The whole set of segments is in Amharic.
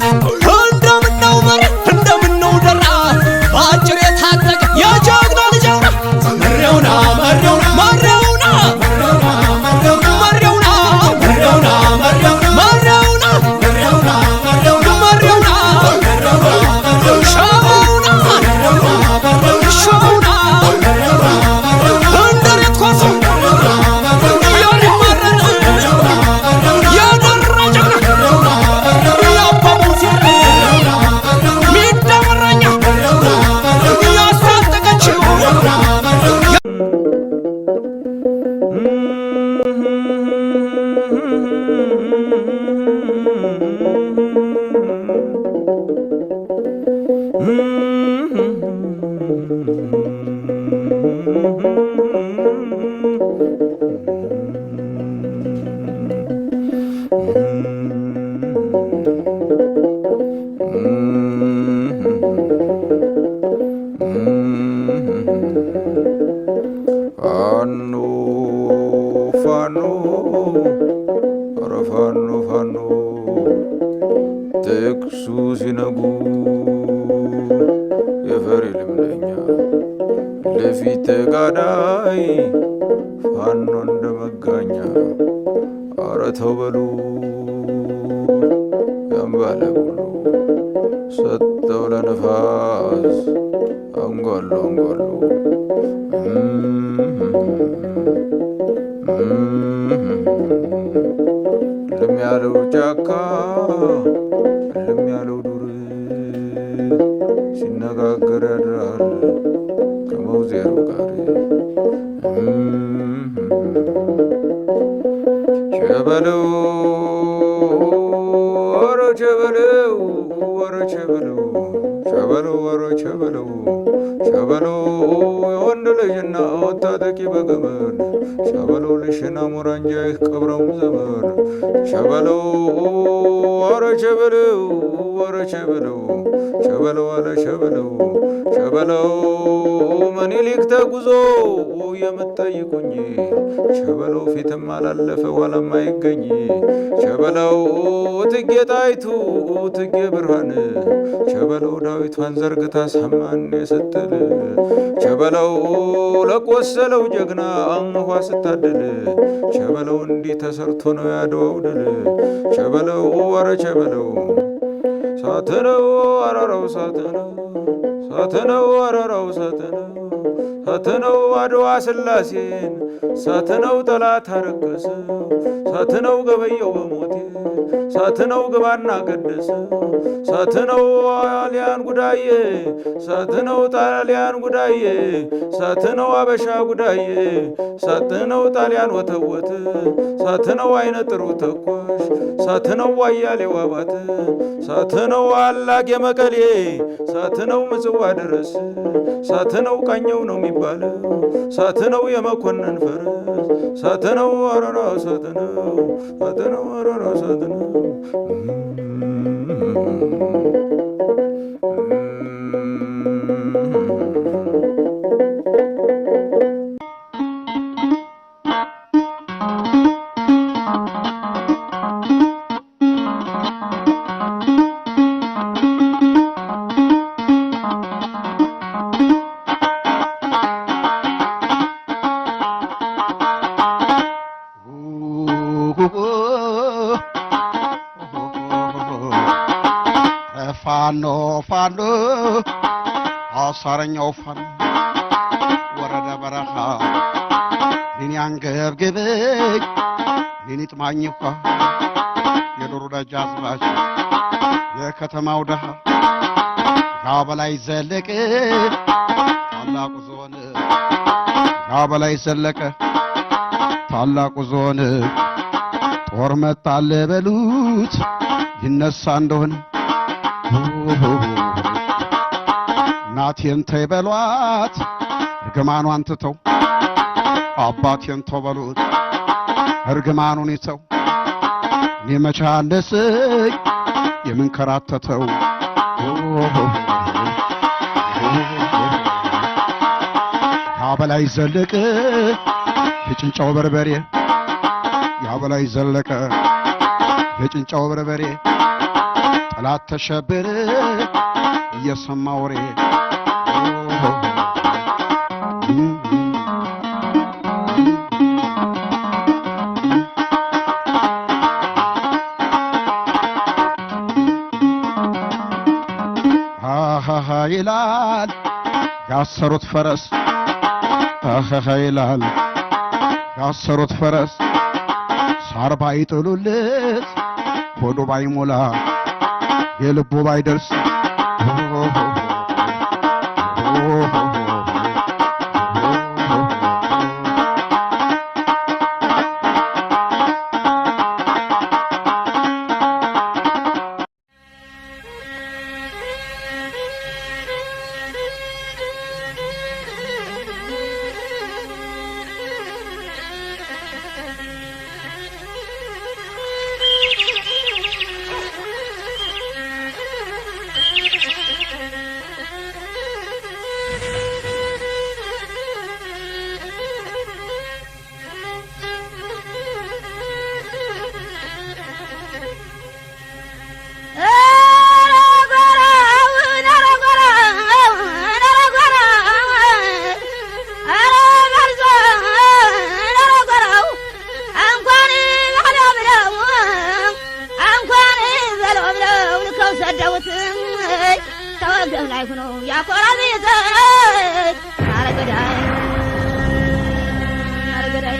Oh, Mm-hmm. ጥቅሱ ሲነጉ የፈሪ ልምደኛ ለፊት ተጋዳይ ፋኖ እንደ መጋኛ አረ ተው ሰጠው ለነፋስ አንጓሉ አንጓሉ ያለው ጫካ ያለው ዱር ሲነጋገር ያድራል ከመውዜሩ ጋር ሸበለው ወረቸ በለው ወረቸ በለው ሸበሎ ወሮች ሸበሎ ሸበሎ የወንድ ልጅና ወታጠቂ በገመድ ሸበሎ ልሽና ሙራንጃይህ ቀብረሙ ዘመን ሸበሉ ወሮች ሸበሉ ወሮች ሸበሎ ሸበሉ አለ ሸበሎ ሸበሉ ምኒልክ ተጉዞ የምትጠይቁኝ ሸበሎ ፊትም አላለፈ ኋላም አይገኝ ሸበሎ ትጌ ጣይቱ ትጌ ብርሃን ሸበሉ ሰራዊቷን ዘርግታ ሰማን የሰጠል ቸበለው ለቆሰለው ጀግና አንኳ ስታደል ቸበለው እንዲህ ተሰርቶ ነው ያድዋው ድል ቸበለው ወረ ቸበለው ሳትነው አረረው ሳትነው ሳትነው ወረራው ሳትነው ሳትነው አድዋ ስላሴን ሳትነው ጠላት አረከሰው ሳትነው ገበየው በሞቴ ሳትነው ግባና ገደሰው ሳትነው ጣሊያን ጉዳዬ ሳትነው ጣሊያን ጉዳዬ ሳትነው አበሻ ጉዳዬ ሳትነው ጣሊያን ወተወት ሳትነው አይነ ጥሩ ተኳሽ ሳትነው አያሌው አባተ ሳትነው አላቅ የመቀሌ ሳትነው ምጽዋ አደረሰ። ሳትነው ቃኘው ነው የሚባለው፣ ሳትነው የመኮንን ፈረስ፣ ሳትነው አረራ፣ ሳትነው ሳትነው አረራ፣ ሳትነው ፋኖ ፋኖ አሳረኛው ፋኖ ወረደ በረኻ ኔን ያንገብግበኝ ኔን ይጥማኝ እንኳ የዶሩ ደጃዝማች የከተማው ደሃ ያው በላይ ዘለቀ ታላቁ ዞን ያው በላይ ዘለቀ ታላቁ ዞን ጦር መጣለ በሉት ይነሳ እንደሆነ እናቴን ተይ በሏት እርግማኗን ትተው አባቴን ተው በሉት እርግማኑን ይተው እኔ መቼ አለስኝ የምንከራተተው ያበላይ ዘለቀ የጭንጫው በርበሬ ያበላይ ዘለቀ የጭንጫው በርበሬ ጠላት ተሸብር እየሰማ ወሬ ይላል ያሰሩት ፈረስ አኸኸ ይላል ያሰሩት ፈረስ ሳር ባይጥሉለት ሆዱ ባይሞላ yellow providers. Oh. ያሳዳሁትም ተወገብ ላይ ሁኖ ያኮራል ይዘት አረገዳይ አረገዳይ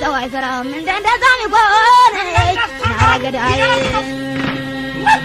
ሰው አይሰራም እንደ እንደዛም ይሆን ናረገዳይ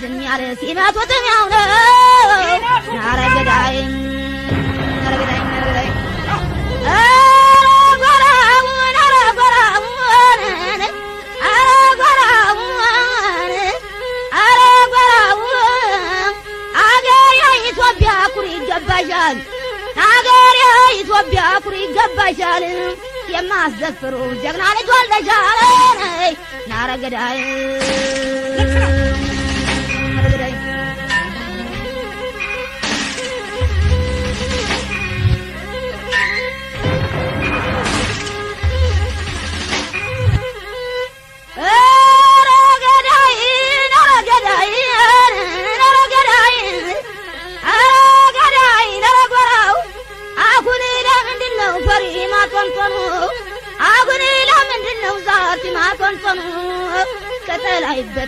ዝም ያለ ሲመቱ ጥሚያው ነው ናረ ገዳይ ናረ ገዳይ ናረ ገዳይ ኢትዮጵያ ኩሪ ይገባሻል። ሀገሬ ኢትዮጵያ ኩሪ ይገባሻል። የማስደፍሩ ጀግና ልጅ ወልደሻል። ናረ ገዳይ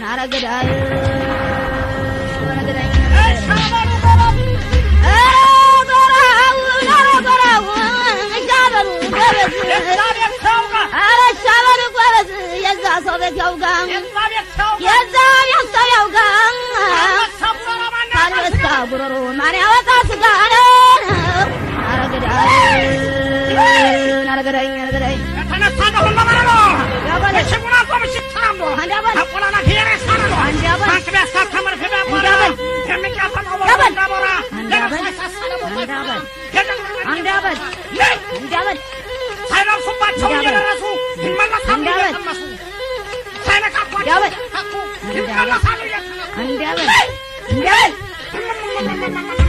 ናረገዳይ ወረገዳይ የዛ ሰው ቤት ያውጋ የዛ ቤት ሰው ያውጋ ታንበሳ ጉሮሮ ማን ያወጣ handaban hakuna na kiyare sarano handaban hakbe sa kamar fe ba bora kemika fa no bora bora handaban handaban handaban handaban ሳይደርሱባቸው እየደረሱ ይመለሳሉ እየቀመሱ ሳይነካኳቸው ይመለሳሉ እየቀመሱ እንዳበል እንዳበል